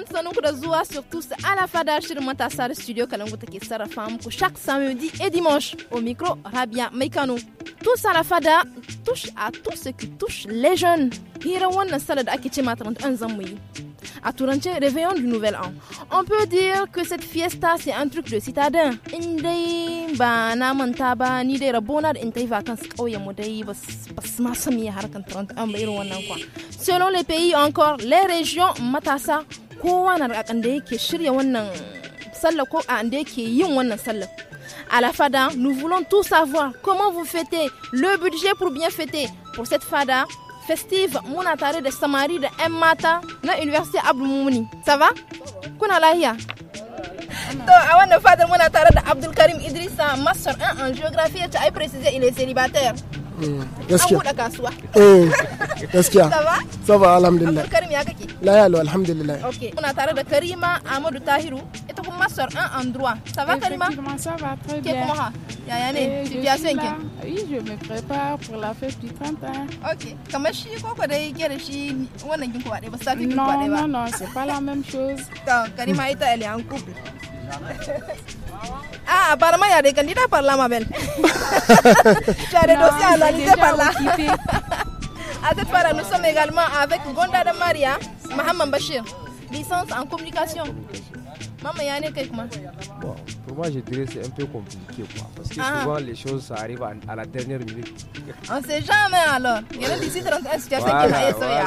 monde, sanin ku da zuwa surtout sa fada shirin matasa da studio Kalangu take sarrafa pour chaque samedi et dimanche au micro Rabia Meikano. Tous à la fada touche à tout ce qui touche les jeunes. Hier, on a ake ce ma 31 zamuyi. À Touranche, réveillon du nouvel an. On peut dire que cette fiesta c'est un truc de citadin. Indai bana, na manta ba ni de rabona da in vacances kauye mu dai bas bas ma san me harkan 31 ba irin wannan kwa. Selon les pays encore, les régions matassa kowa na da da yake shirya wannan sallah ko a da yake yin wannan sallah à la fada nous voulons tout savoir comment vous fêtez le budget pour bien fêter pour cette fada festive muna tare da samari de yan na university abdul mumuni ça va kuna lahiya to a wannan fadar muna tare da abdul karim idrisa master 1 en géographie ta ai précisé il est célibataire est-ce eh, qu'il eh, ça va alhamdulillah okay a tare de karima un endroit ça va karima ça va très bien eh, hein? oui je me prépare pour la fête du 30 ans okay non c'est pas la même chose karima est en couple ah, apparemment, il y a des candidats par là, ma belle. tu as des dossiers dossiers analysés par là. à cette fois-là, nous sommes également avec Gonda Maria, Maham Bachir, licence en communication. Maman, Bon, pour moi, je dirais que c'est un peu compliqué, quoi. Parce que ah. souvent, les choses, ça arrive à, à la dernière minute. On sait jamais, alors. Il y a des situations dans une situation qui est voilà.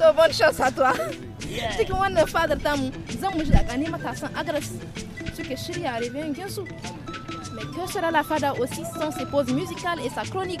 Donc, bonne chance à toi. Je dis que moi, ne pas de temps. Zan mu da gane matasan agres suke shirya revengen su. Mais que sera la fada aussi sans ses pauses musicales et sa chronique.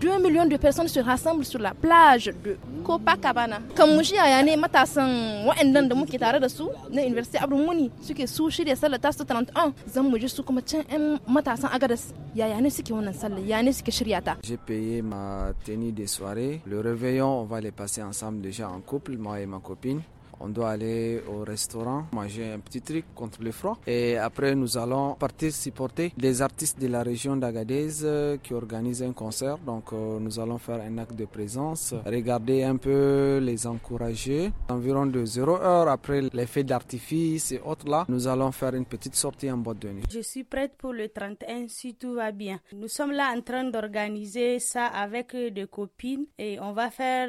2 millions de personnes se rassemblent sur la plage de Copacabana. Kamuji ayane matasan wa'annan da muke tare da su na University sous suke su shirya sallar tasu 31 zan mu ji su kuma can matasan Agadas yaya ne suke wannan sallar ya ne ke shirya ta. J'ai payé ma tenue de soirée. Le réveillon on va les passer ensemble déjà en couple moi et ma copine on doit aller au restaurant, manger un petit truc contre le froid. Et après, nous allons partir supporter des artistes de la région d'Agadez euh, qui organisent un concert. Donc, euh, nous allons faire un acte de présence, regarder un peu, les encourager. Environ de 0 heure après les d'artifice et autres là, nous allons faire une petite sortie en boîte de nuit. Je suis prête pour le 31 si tout va bien. Nous sommes là en train d'organiser ça avec euh, des copines et on va faire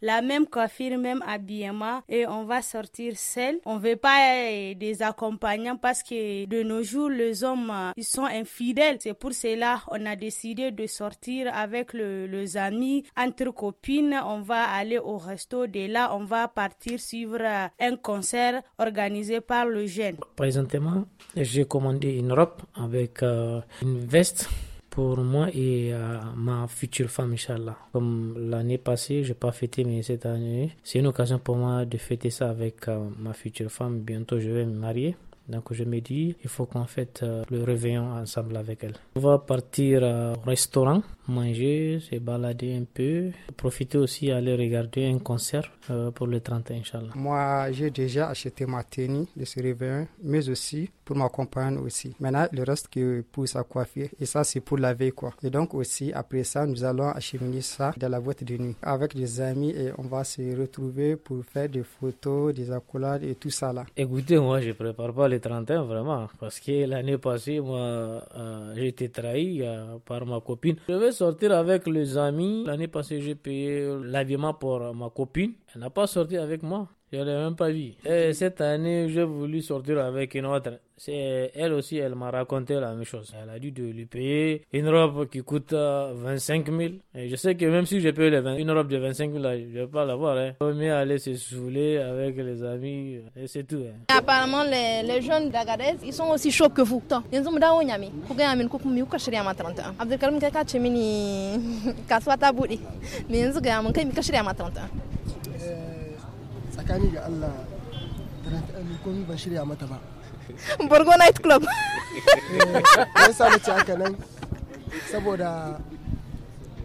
la même coiffure, même habillement et on va sortir seul. On veut pas euh, des accompagnants parce que de nos jours, les hommes, euh, ils sont infidèles. C'est pour cela on a décidé de sortir avec les amis, entre copines. On va aller au resto. De là, on va partir suivre euh, un concert organisé par le jeune. Présentement, j'ai commandé une robe avec une veste pour moi et euh, ma future femme, Inch'Allah. Comme l'année passée, je n'ai pas fêté, mais cette année, c'est une occasion pour moi de fêter ça avec euh, ma future femme. Bientôt, je vais me marier. Donc je me dis, il faut qu'on fête euh, le réveillon ensemble avec elle. On va partir au restaurant manger, se balader un peu, profiter aussi aller regarder un concert euh, pour le 31, Inch'Allah. Moi, j'ai déjà acheté ma tenue de ce réveil, mais aussi pour ma compagne aussi. Maintenant, le reste que pour sa coiffure, et ça, c'est pour la veille, quoi. Et donc aussi, après ça, nous allons acheminer ça dans la boîte de nuit avec des amis et on va se retrouver pour faire des photos, des accolades et tout ça là. Écoutez, moi, je prépare pas le 31 vraiment parce que l'année passée, moi, euh, j'ai été trahi euh, par ma copine sortir avec les amis. L'année passée, j'ai payé l'habillement pour ma copine. Elle n'a pas sorti avec moi. Je ne l'ai même pas vue. Et cette année, j'ai voulu sortir avec une autre. C'est elle aussi, elle m'a raconté la même chose. Elle a dit de lui payer une robe qui coûte 25 euh, 000. Et je sais que même si je paye les 20, une robe de 25 000, je ne vais pas l'avoir. Hein. On mieux aller se saouler avec les amis euh, et c'est tout. Hein. Apparemment, les, jeunes d'Agadez, ils sont aussi chauds que vous. tsakani ga Allah komi ba shirya mata ba borgo night club ya samu ci aka nan saboda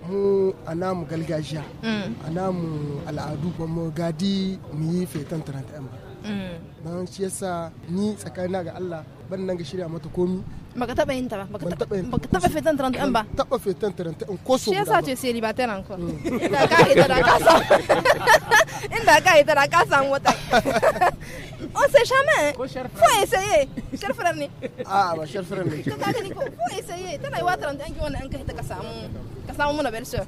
mu a namu galgajiya mm. a namu al'adu ba mu gadi mu yi fetan 31 ba mm. don shi yasa ni tsakanina ga Allah ban nan ga shirya mata komi baka taba yin ta ba baka taba fitan taranta'in ba taba fitan taranta'in ko so shi yasa ce sai liba tana ko inda ka yi tara está, samu inda ka está tara ka samu wata on sait jamais faut essayer cher frère ne ah ba cher frère ne ka ga ni ko faut essayer tana yi wa taranta'in ki wannan an kai ta ka samu ka samu muna bel sir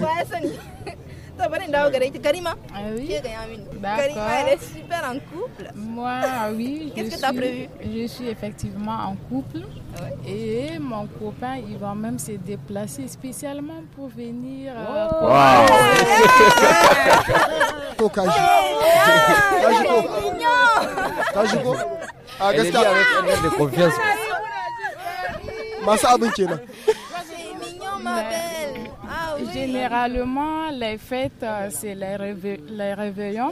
ba ya sani t'as bonne idée, Karima. Ah oui. Karima, elle est super en couple. Moi, ah oui. Qu'est-ce que tu as prévu Je suis effectivement en couple. Et mon copain, il va même se déplacer spécialement pour venir. Euh, oh. wow. wow. Kajiko. Kajiko. Ah, qu'est-ce qu'il avec de confiance. Massa ah, C'est mignon, ma belle. Généralement, les fêtes, euh, c'est les, réveillons,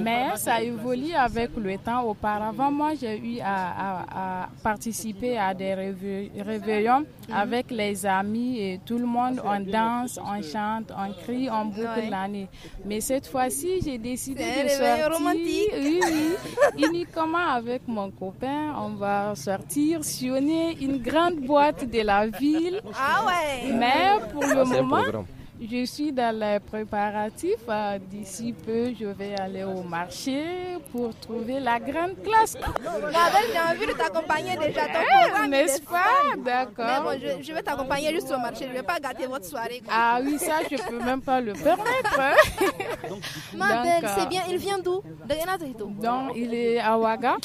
mais ça évolue avec le temps. Auparavant, moi, j'ai eu à, participer à des réveillons mhm. avec les amis et tout le monde. On danse, on chante, on crie, on boucle l'année. Mais cette fois-ci, j'ai décidé de sortir. Romantique. Oui, oui, uniquement avec mon copain. On va sortir, sillonner une grande boîte de la ville. Ah ouais. Mais pour le moment, je suis dans les préparatifs. Euh, d'ici peu, je vais aller au marché pour trouver la grande classe. j'ai envie de t'accompagner déjà. Eh, n'est-ce pas D'accord. bon, je, vais t'accompagner juste au marché. Je ne vais pas gâter votre soirée. Ah oui, ça, je ne peux même pas le permettre. Hein. Madeleine, c'est bien. Il vient d'où Donc, il est à Ouaga.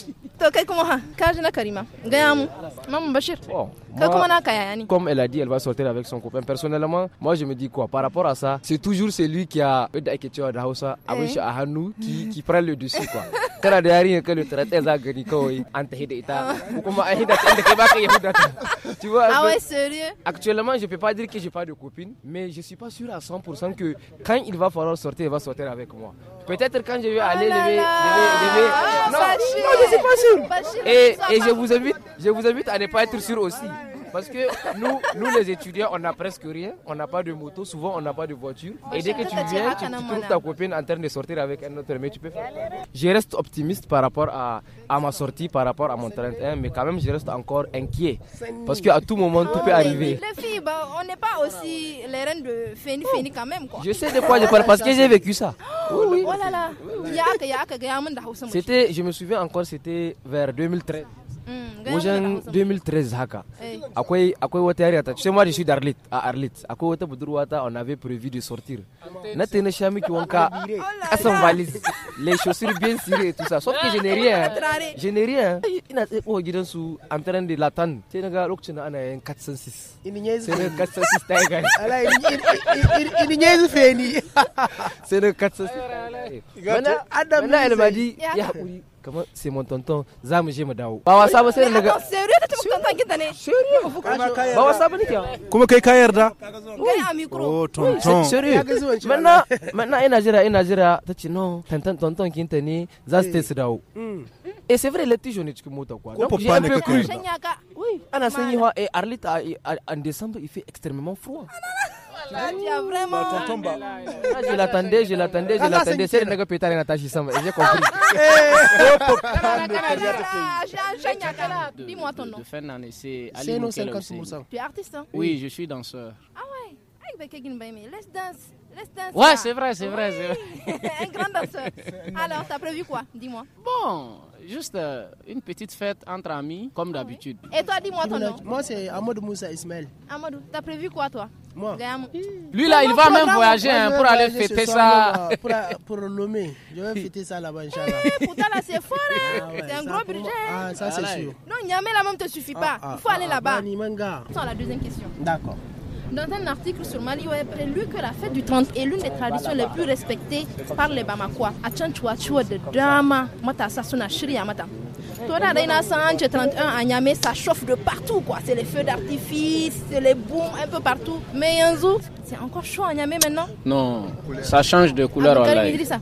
Comme elle a dit, elle va sortir avec son copain. Personnellement, moi je me dis quoi, par rapport à ça, c'est toujours celui qui a, eh. qui, prend le dessus quoi. Tu vois ah Actuellement, je peux pas dire que j'ai pas de copine, mais je suis pas sûr à 100% que quand il va falloir sortir, il va sortir avec moi. Peut-être quand je vais ah aller, lever je ah, Non, je ne suis pas sûr. Et, et je, vous invite, je vous invite à ne pas être sûr aussi. Parce que nous, nous les étudiants, on n'a presque rien. On n'a pas de moto, souvent on n'a pas de voiture. Et dès que tu viens, tu, trouves ta copine en train de sortir avec un autre, mais tu peux faire. Je reste optimiste par rapport à, ma sortie, par rapport à mon 31, mais quand même, je reste encore inquiet. Parce qu'à tout moment, tout peut arriver. Les filles, on n'est pas aussi les reines de fini, fini quand même. Je sais de quoi je parle parce que j'ai vécu ça. C'était, je me souviens encore, c'était vers 2013 wajen 2013 haka akwai akwai wata yariya ta ce ma da shi da arlit a arlit akwai wata budurwa on avait prévu de sortir na ta na sha miki wanka kasan valise les chaussures bien cirées et tout ça sauf que je n'ai rien je n'ai rien ina tsaye kowa gidan su en train de latan sai na ga lokacin ana yin 406 sai na 406 ta yi gani ini ne zufe ni sai na 406 wannan adam na almadi ya hakuri kamar c'est mon tonton za mu je mu dawo ba wasa ba sai daga ba wasa ba nake kuma kai ka yarda kai a micro oh tonton menna menna ina jira ina jira tace no tonton tonton kinta ne za su tai dawo Et c'est vrai, les petits jeunes, tu montes quoi. Donc, j'ai un peu cru. Oui, ana arlita en décembre, il fait extrêmement froid. Ah, tu as vraiment. Bah, ah, je l'attendais, je l'attendais, je ah, l'attendais. C'est le mec pétard et Natacha Samba. J'ai compris. Dis-moi ton nom. De fin d'année, c'est Ali Tu es artiste, hein Oui, je suis danseur. Ah ouais Laisse danse. Laisse danser. Ouais, c'est vrai, c'est vrai. Un grand danseur. Alors, t'as prévu quoi Dis-moi. Bon, juste euh, une petite fête entre amis, comme ah d'habitude. Et toi, dis-moi ton nom. Moi, c'est Amadou Moussa Ismail. Amadou, t'as prévu quoi, toi Moi. Mmh. Lui, là, il va même voyager hein, pour aller fêter ça. Pour, pour je vais fêter ça là-bas, eh, Inch'Allah. Pourtant, là, c'est fort, hein. Ah c'est un gros budget. Ah, ça, c'est ah sûr. Non, Niamey, là, même, te suffit pas. il faut aller là-bas. C'est la deuxième question. D'accord dans un article sur Mali Web, j'ai lu que la fête du 30 est l'une des traditions les plus respectées par les Bamakois. A Chanchuachua de Dama, Mata Sasuna Shiri Amata. la Reina 31 à Niamey, ça chauffe de partout quoi. C'est les feux d'artifice, c'est les booms un peu partout. Mais Yanzou, c'est encore chaud à Niamey maintenant Non, ça change de couleur ah,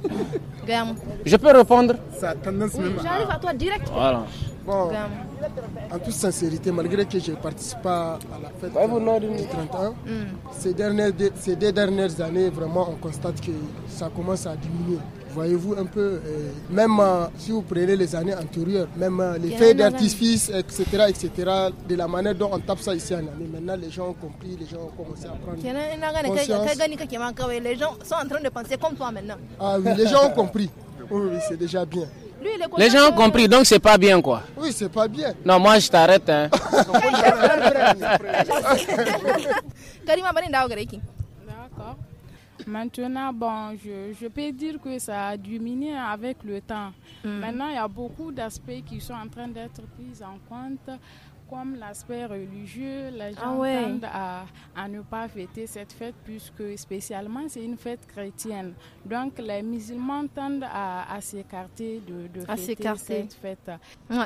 en Je peux répondre Ça tendance J'arrive à toi direct. Voilà. Bon, en toute sincérité, malgré que je participe pas à la fête du 31, hmm. ces, dernières, ces deux dernières années, vraiment, on constate que ça commence à diminuer. Voyez-vous un peu, euh, même euh, si vous prenez les années antérieures, même euh, les faits d'artifice, etc., etc., de la manière dont on tape ça ici en année, maintenant les gens ont compris, les gens ont commencé à prendre Les gens sont en train de penser comme toi maintenant. Ah oui, les gens ont compris. oui c'est déjà bien. Les gens ont compris, donc c'est pas bien quoi. Oui, c'est pas bien. Non, moi je t'arrête. Hein. D'accord. Maintenant, bon, je, peux dire que ça a diminué avec le temps. Hmm. Maintenant, il y a beaucoup d'aspects qui sont en train d'être pris en compte comme l'aspect religieux, les ah gens ah ouais. tendent à, à, ne pas fêter cette fête puisque spécialement c'est une fête chrétienne. Donc les musulmans tendent à, à s'écarter de, de à fêter cette fête. Ouais.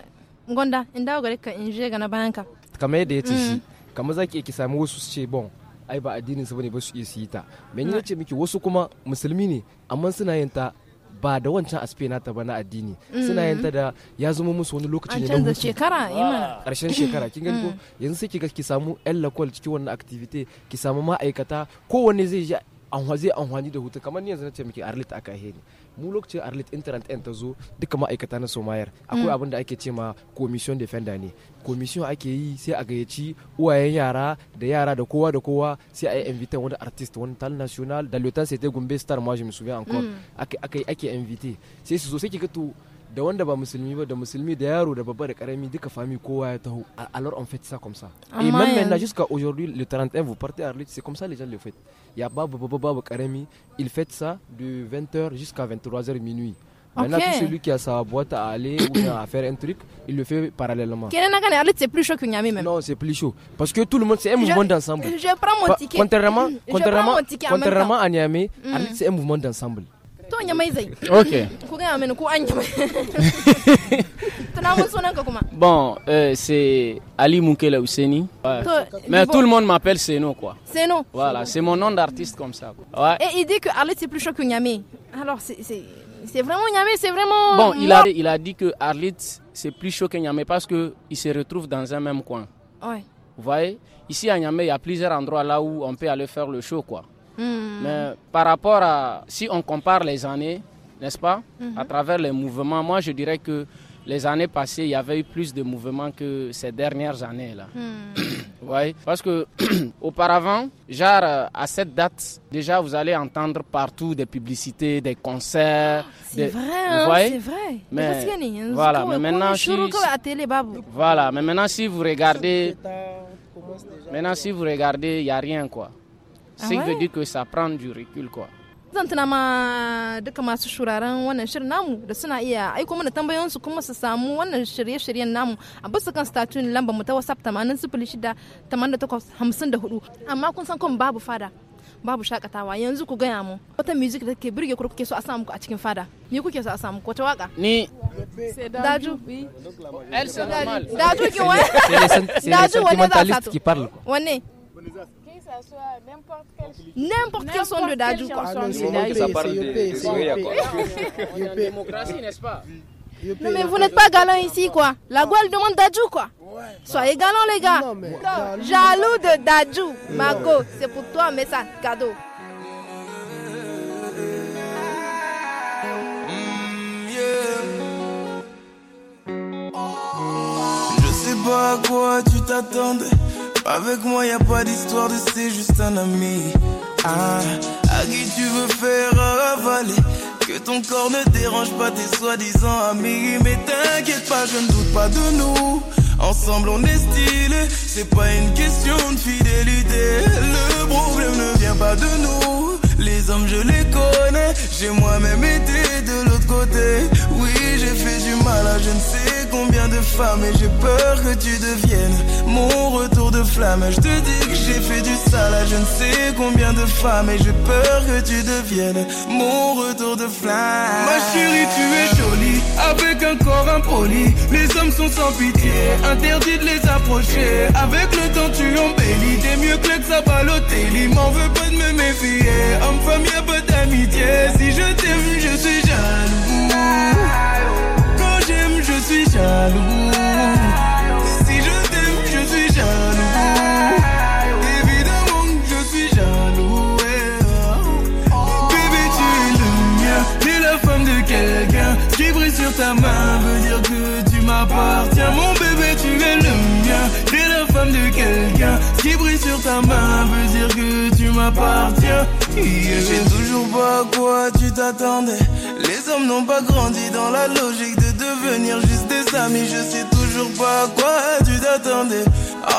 Gonda, inda ugare ka inje ga banka. Kamar yadda yace shi, mm. kamar zaki ki samu wasu ce bon, ai ba addinin su bane ba su iya su yi ta. Me ne mm. ce miki wasu kuma musulmi ne, amma suna yin ta ba da wancan aspe nata ba na addini mm-hmm. suna yin ta da ya zama musu wani lokaci ne na hutu shekara karshen ah, shekara kin gani ko mm. yanzu sai ki ki samu yan lakwal cikin wannan activity ki samu ma'aikata kowanne zai ji amfani da hutu kamar ni yanzu na ce miki arlit aka ne mu arlit internet ɗin ta de na somayar akwai mm. da ake commission defender ne commission ake yi a gayyaci uwayen yara da yara da kowa da kowa sai a invite wani artist tal national da c'était gombe star moi je me souviens encore mm. ake ake invite sai su sai da wanda ba musulmi ba da musulmi da yaro da babba da karami duka fami kowa ya taho alors on fait ça comme ça et eh, même maintenant jusqu'à aujourd'hui le 31 vous partez à Arlit c'est comme ça les gens le font. il y a babu babu babu karami il fait ça de 20h jusqu'à 23h minuit Maintenant, tout celui qui a sa boîte à aller ou à faire un truc, il le fait parallèlement. C'est plus chaud que Niamey même. Non, c'est plus chaud. Parce que tout le monde, c'est un mouvement d'ensemble. Je prends mon ticket. Contrairement, contrairement, contrairement à Niamey, mm. c'est un mouvement d'ensemble ok bon euh, c'est Ali Moukele Ouseni, mais tout le monde m'appelle Seno quoi Seno voilà c'est mon nom d'artiste comme ça Ouais. et il dit que Arlit c'est plus chaud que alors c'est c'est vraiment Nyamé, c'est vraiment. Bon, il a, il a dit que Arlit, c'est plus chaud que parce parce qu'il se retrouve dans un même coin. Ouais. Vous voyez Ici à Nyamé, il y a plusieurs endroits là où on peut aller faire le show, quoi. Hmm. Mais par rapport à, si on compare les années, n'est-ce pas, mhm. à travers les mouvements, moi je dirais que les années passées, il y avait eu plus de mouvements que ces dernières années-là. Hmm. ouais, parce que auparavant, genre à cette date, déjà vous allez entendre partout des publicités, des concerts. Ah, c'est vrai, hein, c'est vrai. Mais, hein, voilà, mais maintenant si, voilà, mais maintenant si vous regardez, maintenant si vous regardez, il y a rien quoi. ah ouais. veut dire que ça prend du recul quoi zan tuna ma duka masu shuraren wannan shirin namu da suna iya aiko mana tambayoyinsu kuma su samu wannan shirye-shiryen namu a ah, bisa kan statun lamba mu ta whatsapp hudu amma ah, kun san kun babu fada babu shakatawa yanzu ku gaya mu wata music da ke birge ku kuke so a samu ku a cikin fada ni kuke so a samu ku wata waka ni daju daju ki wani daju wani za a sato wani n'importe quel son de Dadju. Quoi. Ah, mais démocratie, n'est-ce pas non mais vous n'êtes pas galant ici quoi. La Guadeloupe demande Dadjou quoi. Soyez galant les gars. Jaloux de Dajou Mago, c'est pour toi mais ça, cadeau. Je sais pas à quoi tu t'attendais avec moi, y a pas d'histoire de c'est juste un ami. Ah, à qui tu veux faire avaler Que ton corps ne dérange pas tes soi-disant amis. Mais t'inquiète pas, je ne doute pas de nous. Ensemble, on est stylé. C'est pas une question de fidélité. Le problème ne vient pas de nous les hommes je les connais J'ai moi-même été de l'autre côté Oui j'ai fait du mal à je ne sais combien de femmes Et j'ai peur que tu deviennes mon retour de flamme Je te dis que j'ai fait du sale à je ne sais combien de femmes Et j'ai peur que tu deviennes mon retour de flamme Ma chérie tu es jolie avec un corps impoli Les hommes sont sans pitié, interdit de les approcher Avec le temps tu embellis T'es mieux que ça Il M'en veut pas de me méfier femme, y'a pas d'amitié. Si je t'aime, je suis jaloux. Quand j'aime, je suis jaloux. Ce qui brille sur ta main veut dire que tu m'appartiens. Mon bébé, tu es le mien. T'es la femme de quelqu'un. Ce qui brille sur ta main veut dire que tu m'appartiens. Yeah. sais toujours pas à quoi tu t'attendais. Les hommes n'ont pas grandi dans la logique de devenir juste des amis. Je sais tout pas quoi tu t'attendais.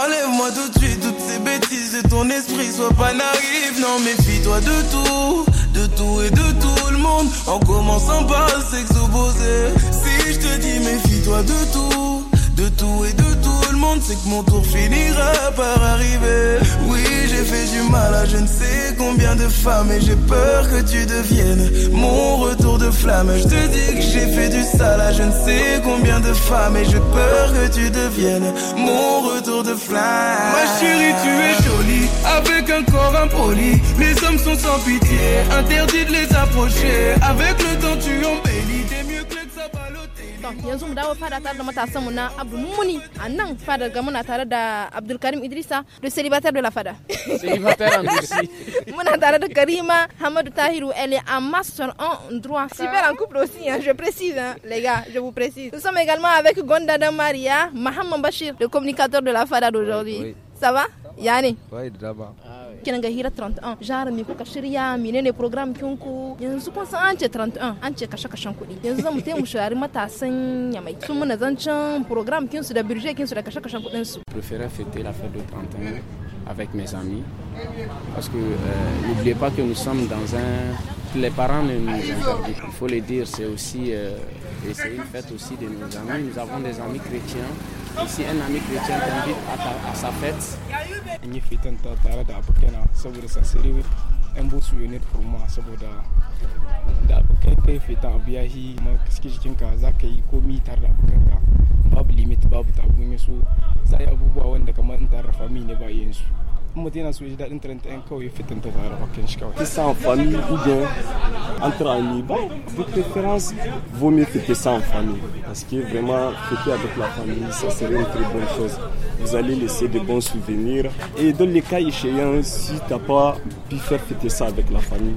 Enlève-moi tout de suite toutes ces bêtises de ton esprit, sois pas naïf. Non, méfie-toi de tout, de tout et de tout le monde. En commençant par s'exposer. Si je te dis, méfie-toi de tout de tout et de tout le monde, c'est que mon tour finira par arriver. Oui, j'ai fait du mal à je ne sais combien de femmes et j'ai peur que tu deviennes mon retour de flamme. Je te dis que j'ai fait du sale à je ne sais combien de femmes et j'ai peur que tu deviennes mon retour de flamme. Ma chérie, tu es jolie avec un corps impoli. Les hommes sont sans pitié, interdit de les approcher. Avec le temps, tu en daban yanzu mu dawo fada tare da matasan mu na Abdu Mumuni a fada ga muna tare da Karim Idrisa da célibataire de la fada célibataire en Turquie muna tare da Karima Hamadu Tahirou elle est en master en droit super en couple aussi hein, je précise hein, les gars je vous précise nous sommes également avec Gondada Maria Maham Bashir le communicateur de la fada d'aujourd'hui oui, oui. Ça va Yani? Oui, da dama. Kinan 31. Genre, me kuka shirya menene program kinku? Yanzu kun san an ce 31, an ce kashe kashen kuɗi. Yanzu zamu taimu shari matasan yamai. Sun muna zancen program la da birje kinsu da kashe kashen kuɗinsu. Préférer fêter la fête de 31 avec mes amis. Parce que euh, n'oubliez pas que nous sommes dans un... Les parents ne nous Il faut le dire, c'est aussi... Euh, une fête aussi de nos amis. Nous avons des amis chrétiens. Et si un ami chrétien t'invite à, à sa fête... 'yan bosu unit kurma saboda da kai kai fita abu ya yi kaske jikinka za ka yi komi tare da abokanka babu limit babu tabu su za yi abubuwa wanda kamar in tare da ne ba yin su ça en famille ou bien entre amis. de préférence, vaut mieux fêter ça en famille. Parce que vraiment, fêter avec la famille, ça serait une très bonne chose. Vous allez laisser de bons souvenirs. Et dans les cas échéants, si t'as pas pu faire fêter ça avec la famille,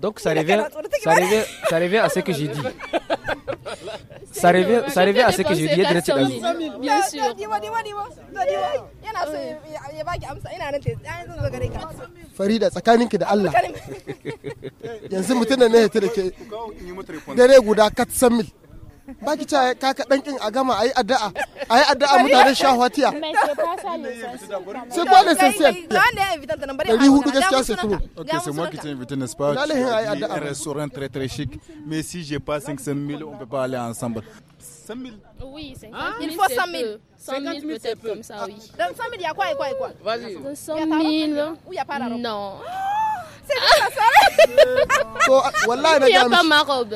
Donc ça revient, ça revient, ça revient à ce que j'ai dit. Ça revient, ça revient à ce que j'ai dit. Farida, tsakaninki da Allah. Yanzu Il 400 000 ba ki ta a gama c'est c'est trop ok c'est moi qui t'ai invité n'est-ce pas un restaurant très très chic mais si j'ai pas 500 000 on peut pas aller ensemble 100 000 Oui, 50 000. Hein? Il faut 100 000. 100 000, c'est peu. Comme ça, oui. Ah. Donc 100 000, il y a quoi et quoi et quoi Vas-y. 100 000. où il n'y a pas la robe Non. C'est quoi la il n'y a pas ma robe.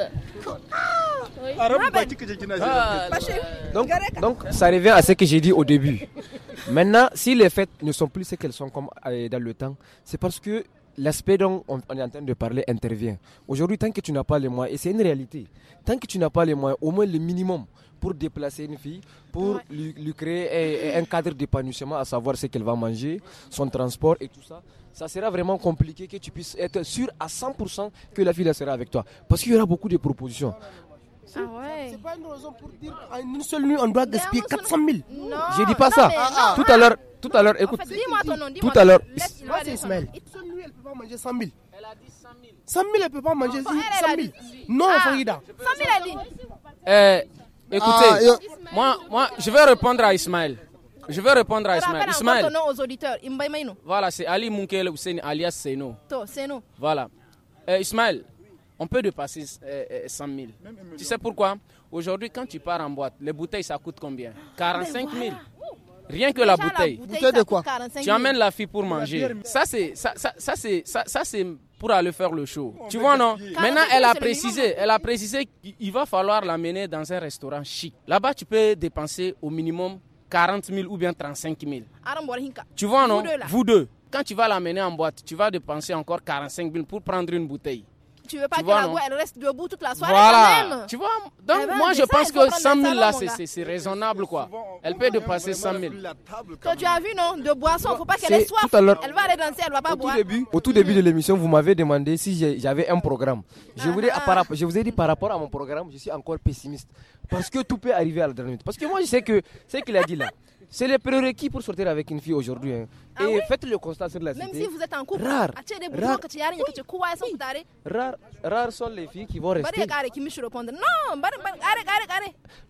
Donc, ça revient à ce que j'ai dit au début. Maintenant, si les fêtes ne sont plus ce qu'elles sont comme euh, dans le temps, c'est parce que l'aspect dont on, est en train de parler intervient. Aujourd'hui, tant que tu n'as pas les moyens, et c'est une réalité, tant que tu n'as pas les moyens, au moins le minimum pour déplacer une fille, pour lui, créer un, cadre d'épanouissement, à savoir ce qu'elle va manger, son transport et tout ça, ça sera vraiment compliqué que tu puisses être sûr à 100% que la fille sera avec toi. Parce qu'il y aura beaucoup de propositions. Ah ouais. C'est pas une raison pour dire qu'en une seule nuit, on doit gaspiller 400 000. Non. Je dis pas ça. Ah, ah. tout à l'heure, tout à l'heure, écoute. dis-moi ton nom. tout à l'heure. Moi, c'est Ismaël. Une seule nuit, elle peut pas manger 100 000. Elle a dit 100 000. 100 000, elle peut pas manger 100 000. Non, ah. Farida. 100 000, elle dit. Euh, écoutez, moi, moi, je vais répondre à Ismaël. Je vais répondre à Ismaël. Ismaël. Ton nom aux auditeurs. Voilà, c'est Ali Munkele Hussein alias Seno. Seno. Voilà. Euh, Ismaël, on peut dépasser 100 euh, 000. Euh, tu sais pourquoi Aujourd'hui, quand tu pars en boîte, les bouteilles, ça coûte combien 45 000. Rien que la bouteille. bouteille de quoi Tu emmènes la fille pour manger. Ça, c'est ça, ça, ça, c'est pour aller faire le show. tu vois, non Maintenant, elle a précisé, elle a précisé qu'il va falloir l'amener dans un restaurant chic. Là-bas, tu peux dépenser au minimum 40 000 ou bien 35 000. Tu vois, non Vous deux. Quand tu vas l'amener en boîte, tu vas dépenser encore 45 000 pour prendre une bouteille tu veux pas que la voix reste debout toute la soirée voilà. quand même. Tu vois, donc eh ben, moi je pense que 100 000 là c'est raisonnable quoi. Elle peut dépasser 100 000. quand tu as vu non De boisson, faut pas qu'elle soit Elle va aller danser, elle va pas au boire. début, au tout début de l'émission, vous m'avez demandé si j'avais un programme. Je, ah, vous ai, ah, ah. je vous ai dit par rapport à mon programme, je suis encore pessimiste. Parce que tout peut arriver à la dernière minute. Parce que moi je sais que ce qu'il a dit là. C'est le prérequis pour sortir avec une fille aujourd'hui. Hein. Ah et faites le constat sur la cité. Même si vous êtes en couple, rare, rare, sont les filles qui vont rester.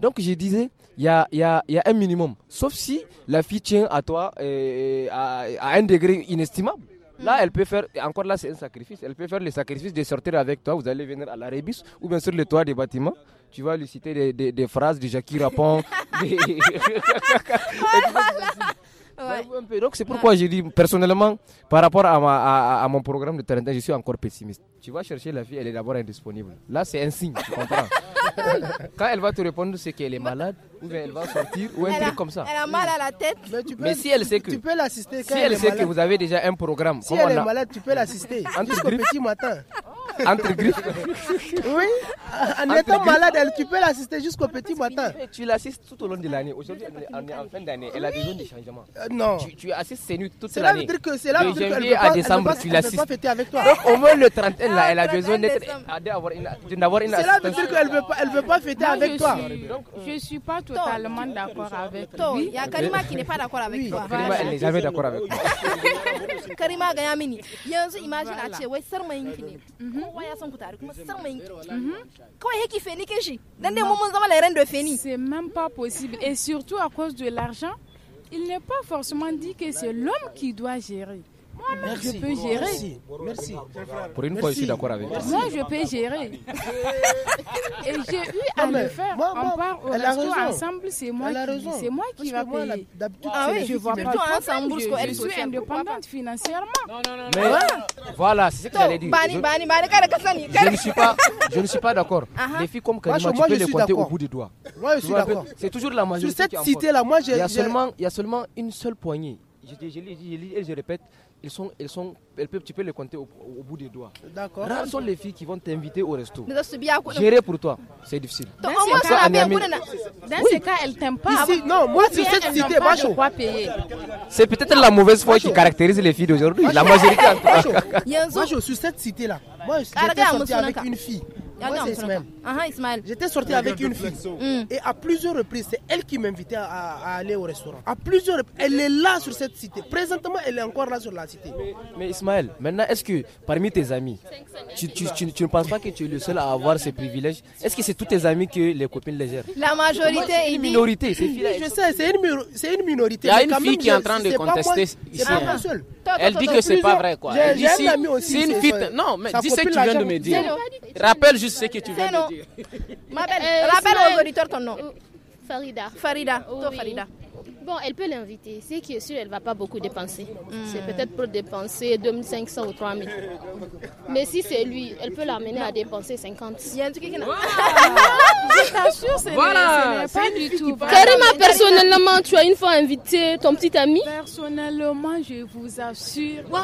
Donc je disais, il y a, un minimum. Sauf si la fille tient à toi euh, à, un degré inestimable. Hmm. Là, elle peut faire, encore là, c'est un sacrifice. Elle peut faire le sacrifice de sortir avec toi. Vous allez venir à la ou bien sur le toit des bâtiments tu vas lui citer des, phrases de Jackie Rapon. Donc c'est pourquoi je dis personnellement, par rapport à, mon programme de 30 je suis encore pessimiste. Tu vas chercher la fille, elle est d'abord indisponible. Là, c'est un signe, tu comprends Quand elle va te répondre, c'est qu'elle est malade, ou elle va sortir, ou un truc comme ça. Elle a mal à la tête. Mais, si elle sait que. l'assister Si elle, sait que vous avez déjà un programme. Si elle est malade, tu peux l'assister. En Jusqu'au petit matin entre guillemets Oui, en étant malade, tu peux l'assister jusqu'au petit matin. Tu l'assistes tout au long de l'année. Aujourd'hui, on est en fin d'année. Elle a besoin de changement. Euh, non. Tu, tu assistes ses nuits toute l'année. C'est là que c'est là que à décembre, pas fêter avec toi. Donc, au moins le 31, là, ah, elle a besoin d'avoir une, une C'est là que qu'elle ne veut, veut pas fêter avec toi. Euh, je ne suis pas totalement d'accord avec toi. Il y a Karima qui n'est pas d'accord avec toi. Karima, elle n'est jamais d'accord avec toi. Karima Gayamini. Il y a une image à ce Oui, c'est Mhm. Mm-hmm. c'est même pas possible et surtout à cause de l'argent il n'est pas forcément dit que c'est l'homme qui doit gérer Merci. Je peux gérer. Merci. Pour une fois, je suis d'accord avec toi. Moi, je peux gérer. Et j'ai eu à le faire. Moi, moi, on part au resto ensemble, c'est moi, qui, moi qui va payer. Ah oui, je vois pas. Ensemble, je suis indépendante financièrement. Non, non, non. Mais voilà, c'est ce que j'allais dire. Je ne suis pas, je ne suis pas d'accord. Les filles comme Karima, tu peux les compter au bout du doigt. Moi, je suis d'accord. C'est toujours la majorité. Sur cette cité-là, moi, j'ai. Il y a seulement une seule poignée. Je, je, et je répète, ils sont, sont, elles peuvent, tu peux les compter au, bout des doigts. D'accord. Rares sont les filles qui vont t'inviter au resto. Gérer pour toi, c'est difficile. Dans, ce cas, elle t'aime pas. non, moi sur cette cité, macho. C'est peut-être la mauvaise foi qui caractérise les filles d'aujourd'hui. La majorité. Macho, sur cette cité là, moi j'étais sorti avec une fille. Ah ah, hein, J'étais sorti avec une fille. Mm. Et à plusieurs reprises, c'est elle qui m'invitait à, aller au restaurant. À plusieurs elle est là sur cette cité. Présentement, elle est encore là sur la cité. Mais, Ismaël, maintenant, est-ce que parmi tes amis, tu, ne penses pas que tu es le seul à avoir ces privilèges Est-ce que c'est tous tes amis que les copines les gèrent La majorité est une minorité. je sais, c'est une, minorité. Il y a une fille qui est en train de contester ici. Elle dit que c'est pas vrai quoi. Elle si, une fille. Non, mais dis ce que tu viens de me dire. Rappelle juste juste ce que tu viens de dire. Ma belle, euh, rappelle aux auditeurs ton nom. Farida. Farida. Toi, Farida elle peut l'inviter. C'est qui est sûr, elle ne va pas beaucoup dépenser. Mm. C'est peut-être pour dépenser 2500 ou 3000. Mais si c'est lui, elle peut l'amener à dépenser 50. Il pas du tout. personnellement, tu as une fois invité ton petit ami Personnellement, je vous assure. Moi,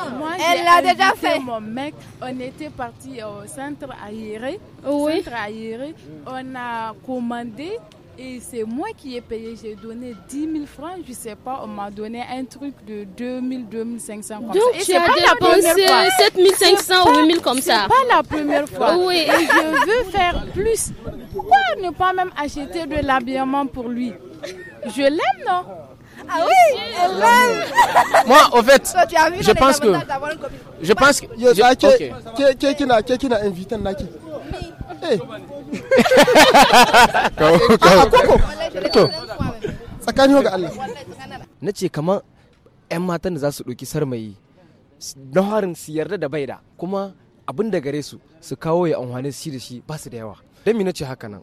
elle l'a déjà fait. Mon mec, on était parti au centre aéré. Oui. Centre On a commandé et c'est moi qui ai payé, j'ai donné 10 000 francs, je ne sais pas, on m'a donné un truc de 2 000, 2 500 Donc tu as pas dépensé 7 500 ou 8 000 comme ça. pas la première fois. Oui. Et je veux faire plus. Pourquoi ne pas même acheter de l'habillement pour lui Je l'aime, non ah oui, l'aime. Moi, au fait, je pense que je pense que je, invité Oui. na ce kamar 'yan matan da za su ɗauki sarmayi na harin su yarda da bai da kuma abin da gare su su kawo ya amfani su da shi ba su da yawa don mi na ce haka nan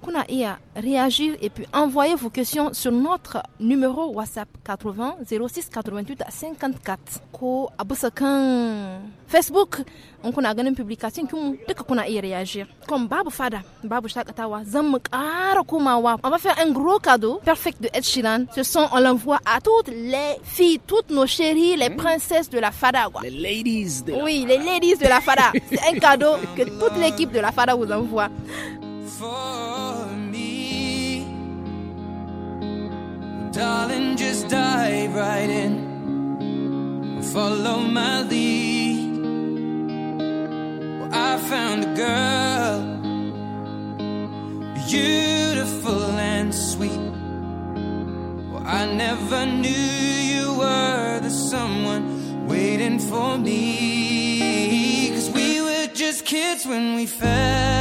kuna iya réagir et puis envoyer vos questions sur notre numéro WhatsApp 80 06 88 54 ko a Facebook une a publication qui a kuna réagir comme babu fada babu shakatawa zan mu on va faire un gros cadeau perfect de Ed ce sont on l'envoie à toutes les filles toutes nos chéries les hmm? princesses de la fada les ladies de la oui les ladies de la fada c'est un cadeau que toute l'équipe de la fada vous envoie Darling, just dive right in. Follow my lead. Well, I found a girl, beautiful and sweet. Well, I never knew you were the someone waiting for me. Cause we were just kids when we fell.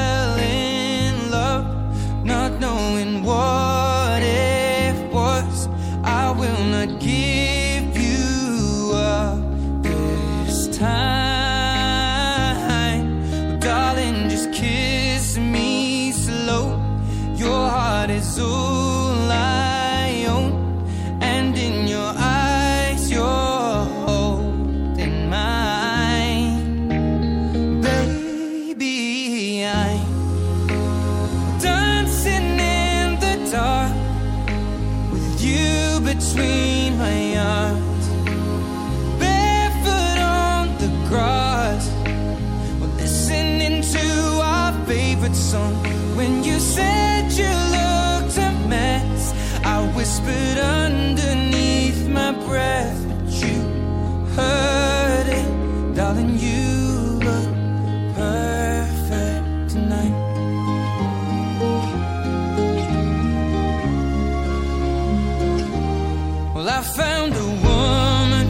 I found a woman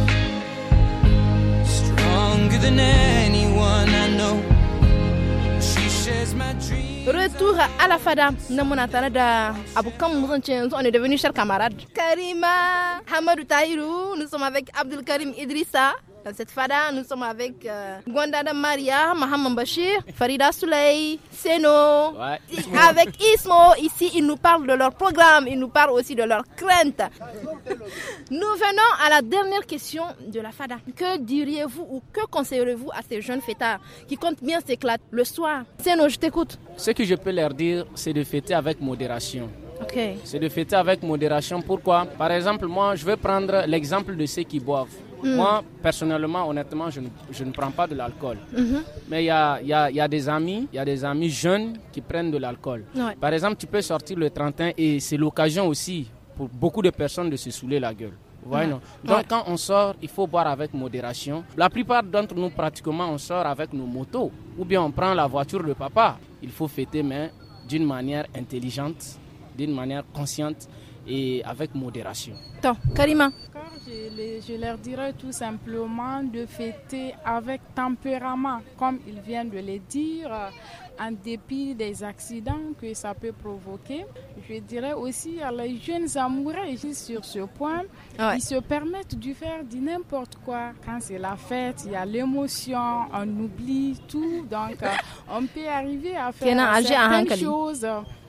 stronger than anyone I know. She shares my dreams. Retour à la fada. Namunatanada. Aboukam Mousanchens, on est devenus chers camarades. Karima, Hamadou Taïrou, nous sommes avec Abdul Karim Idrissa. Dans cette fada, nous sommes avec euh, Gwanda Maria, Maham Bachir, Farida Souley, Seno, avec Ismo. Ici, ils nous parlent de leur programme, ils nous parlent aussi de leurs craintes. Nous venons à la dernière question de la fada. Que diriez-vous ou que conseillerez-vous à ces jeunes fêtards qui comptent bien s'éclater le soir Seno, je t'écoute. Ce que je peux leur dire, c'est de fêter avec modération. C'est de fêter avec modération. Pourquoi Par exemple, moi, je vais prendre l'exemple de ceux qui boivent. Mm. Moi, personnellement, honnêtement, je ne, je ne prends pas de l'alcool. Mhm. Mais il y a, y, a, y a, des amis, il y a des amis jeunes qui prennent de l'alcool. Par exemple, tu peux sortir le 31 et c'est l'occasion aussi pour beaucoup de personnes de se saouler la gueule. Ouais, non. Donc quand on sort, il faut boire avec modération. La plupart d'entre nous, pratiquement, on sort avec nos motos. Ou bien on prend la voiture de papa. Il faut fêter, mais d'une manière intelligente, d'une manière consciente et avec modération. Attends, Karima, je, leur dirais tout simplement de fêter avec tempérament, comme ils viennent de le dire, euh, en dépit des accidents que ça peut provoquer. Je dirais aussi à les jeunes amoureux, sur ce point, ils se permettent de faire n'importe quoi. Quand c'est la fête, il y a l'émotion, on oublie tout, donc euh, on peut arriver à faire certaines choses.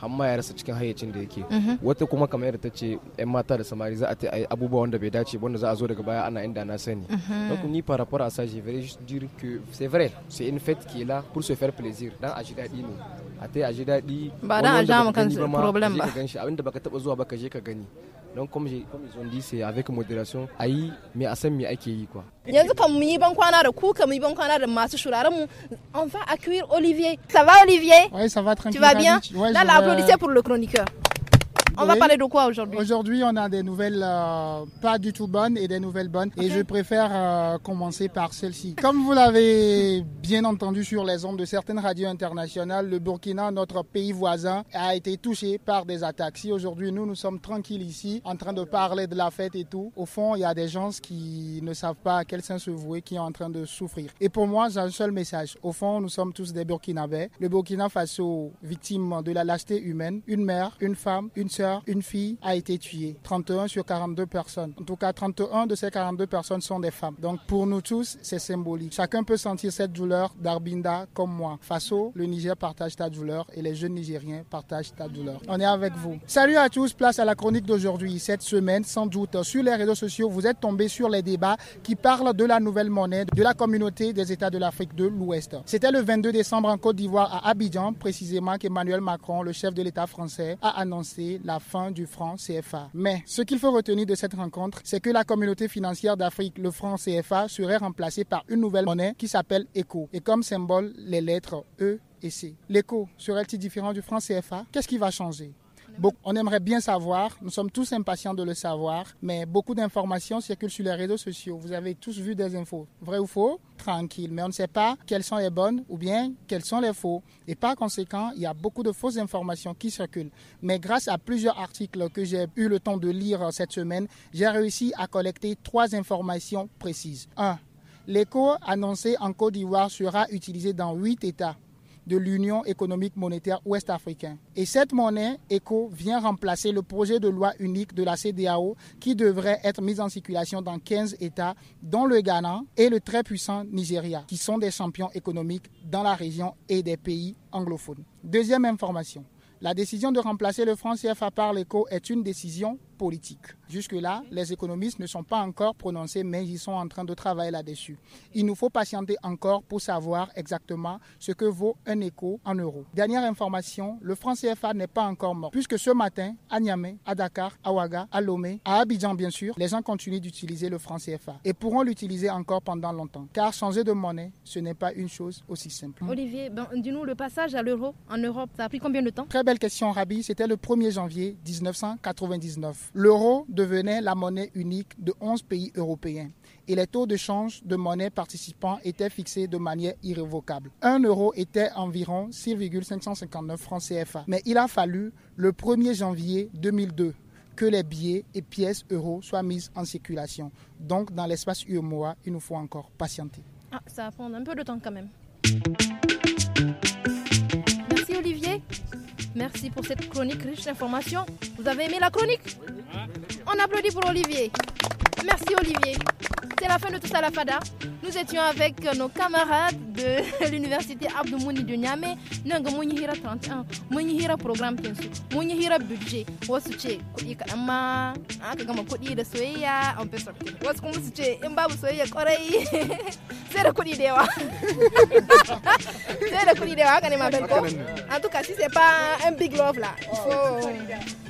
hamma ya rasa cikin hayyacin da yake mhm. wata kuma kamar yadda ta ce yan mata da samari za a ta abubuwa wanda bai dace wanda za a zo daga baya ana inda na sani mhm. donc ni par rapport à ça je vais dire que c'est vrai c'est une fête qui est là pour se faire plaisir dan a ji daɗi ne a ta a ji daɗi ba dan a ja mu kan problem ba abinda baka taba zuwa ba ka je ka gani donc comme, comme ils ont dit, c'est avec modération. Aïe, mais assez mi accueilli. quoi. On va accueillir Olivier. Ça va Olivier Oui, ça va tranquille. Tu vas bien Là, l'applaudissez pour le chroniqueur. On va parler de quoi aujourd'hui Aujourd'hui, on a des nouvelles euh, pas du tout bonnes et des nouvelles bonnes. Et je préfère euh, commencer par celle-ci. Comme vous l'avez bien entendu sur les ondes de certaines radios internationales, le Burkina, notre pays voisin, a été touché par des attaques. Si aujourd'hui, nous, nous sommes tranquilles ici, en train de parler de la fête et tout, au fond, il y a des gens qui ne savent pas à quel sens se vouer, qui sont en train de souffrir. Et pour moi, j'ai un seul message. Au fond, nous sommes tous des Burkinabés. Le Burkina face aux victimes de la lâcheté humaine, une mère, une femme, une sœur, une fille a été tuée. 31 sur 42 personnes. En tout cas, 31 de ces 42 personnes sont des femmes. Donc pour nous tous, c'est symbolique. Chacun peut sentir cette douleur d'Arbinda comme moi. Faso, le Niger partage ta douleur et les jeunes Nigériens partagent ta douleur. On est avec vous. Salut à tous, place à la chronique d'aujourd'hui. Cette semaine, sans doute, sur les réseaux sociaux, vous êtes tombés sur les débats qui parlent de la nouvelle monnaie de la communauté des États de l'Afrique de l'Ouest. C'était le 22 décembre en Côte d'Ivoire à Abidjan, précisément qu'Emmanuel Macron, le chef de l'État français, a annoncé la la fin du franc CFA. Mais ce qu'il faut retenir de cette rencontre, c'est que la communauté financière d'Afrique, le franc CFA, serait remplacé par une nouvelle monnaie qui s'appelle ECO. Et comme symbole, les lettres E et C. L'ECO serait-il différent du franc CFA Qu'est-ce qui va changer on aimerait bien savoir, nous sommes tous impatients de le savoir, mais beaucoup d'informations circulent sur les réseaux sociaux. Vous avez tous vu des infos, vrai ou faux, tranquille, mais on ne sait pas quelles sont les bonnes ou bien quelles sont les faux. Et par conséquent, il y a beaucoup de fausses informations qui circulent. Mais grâce à plusieurs articles que j'ai eu le temps de lire euh, cette semaine, j'ai réussi à collecter trois informations précises. 1. L'écho annoncé en Côte d'Ivoire sera utilisé dans huit États de l'Union économique monétaire ouest-africaine. Et cette monnaie, ECO, vient remplacer le projet de loi unique de la CDAO qui devrait être mis en circulation dans 15 États, dont le Ghana et le très puissant Nigeria, qui sont des champions économiques dans la région et des pays anglophones. Deuxième information. La décision de remplacer le franc CFA par l'ECO est une décision politique. Jusque-là, les économistes ne sont pas encore prononcés, mais ils sont en train de travailler là-dessus. Il nous faut patienter encore pour savoir exactement ce que vaut un écho en euros. Dernière information, le franc CFA n'est pas encore mort, puisque ce matin, à Niamey, à Dakar, à Ouaga, à Lomé, à Abidjan bien sûr, les gens continuent d'utiliser le franc CFA et pourront l'utiliser encore pendant longtemps, car changer de monnaie, ce n'est pas une chose aussi simple. Olivier, ben, dis-nous le passage à l'euro en Europe, ça a pris combien de temps Très belle question, Rabi. C'était le 1er janvier 1999. L'euro devenait la monnaie unique de 11 pays européens et les taux de change de monnaie participants étaient fixés de manière irrévocable. Un euro était environ 6,559 francs CFA. Mais il a fallu le 1er janvier 2002 que les billets et pièces euros soient mises en circulation. Donc, dans l'espace UMOA, il nous faut encore patienter. Ah, ça va prendre un peu de temps quand même. Merci Olivier. Merci pour cette chronique riche d'informations. Vous avez aimé la chronique on applaudit pour Olivier. Merci Olivier. C'est la fin de tout ça la Fada. Nous étions avec euh, nos camarades de l'université Mouni de Niamey. Nanga 31, Mounihira programme un budget. Kodika budget. de Soya, on peut sortir. Suche, Soya C'est le Dewa. C'est le Dewa, En tout cas, si c'est pas un big love là, faut. Oh,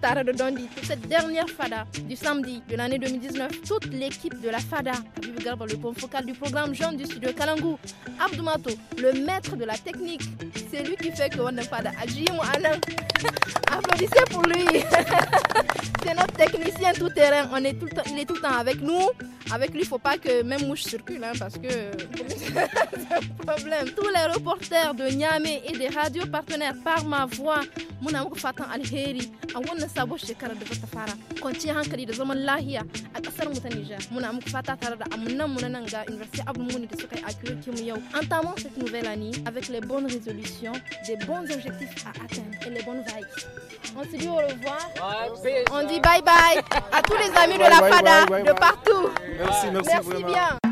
Tara de Dondi. Pour cette dernière FADA du samedi de l'année 2019, toute l'équipe de la FADA, le point focal du programme Jeune du studio Kalangu, Abdoumato, le maître de la technique, c'est lui qui fait que on FADA Anan. Applaudissez pour lui. c'est notre technicien tout terrain. On est tout il est tout le temps avec nous. Avec lui, il ne faut pas que même mouche circule hein, parce que c'est un problème. Tous les reporters de Niamey et des radios partenaires par ma voix, mon amour Fatan Alheri, a wannan sabon shekarar da za ta fara kwanciyar hankali da zaman lahiya a kasar mu ta Nijar muna muku fata tare da amunan mu na nan ga University Abdulmuni da suka yi akirki mu yau an tamo cette nouvelle année avec les bonnes résolutions des bons objectifs à atteindre et les bonnes vibes on se dit au revoir on dit bye bye à tous les amis de la FADA de partout merci merci, merci bien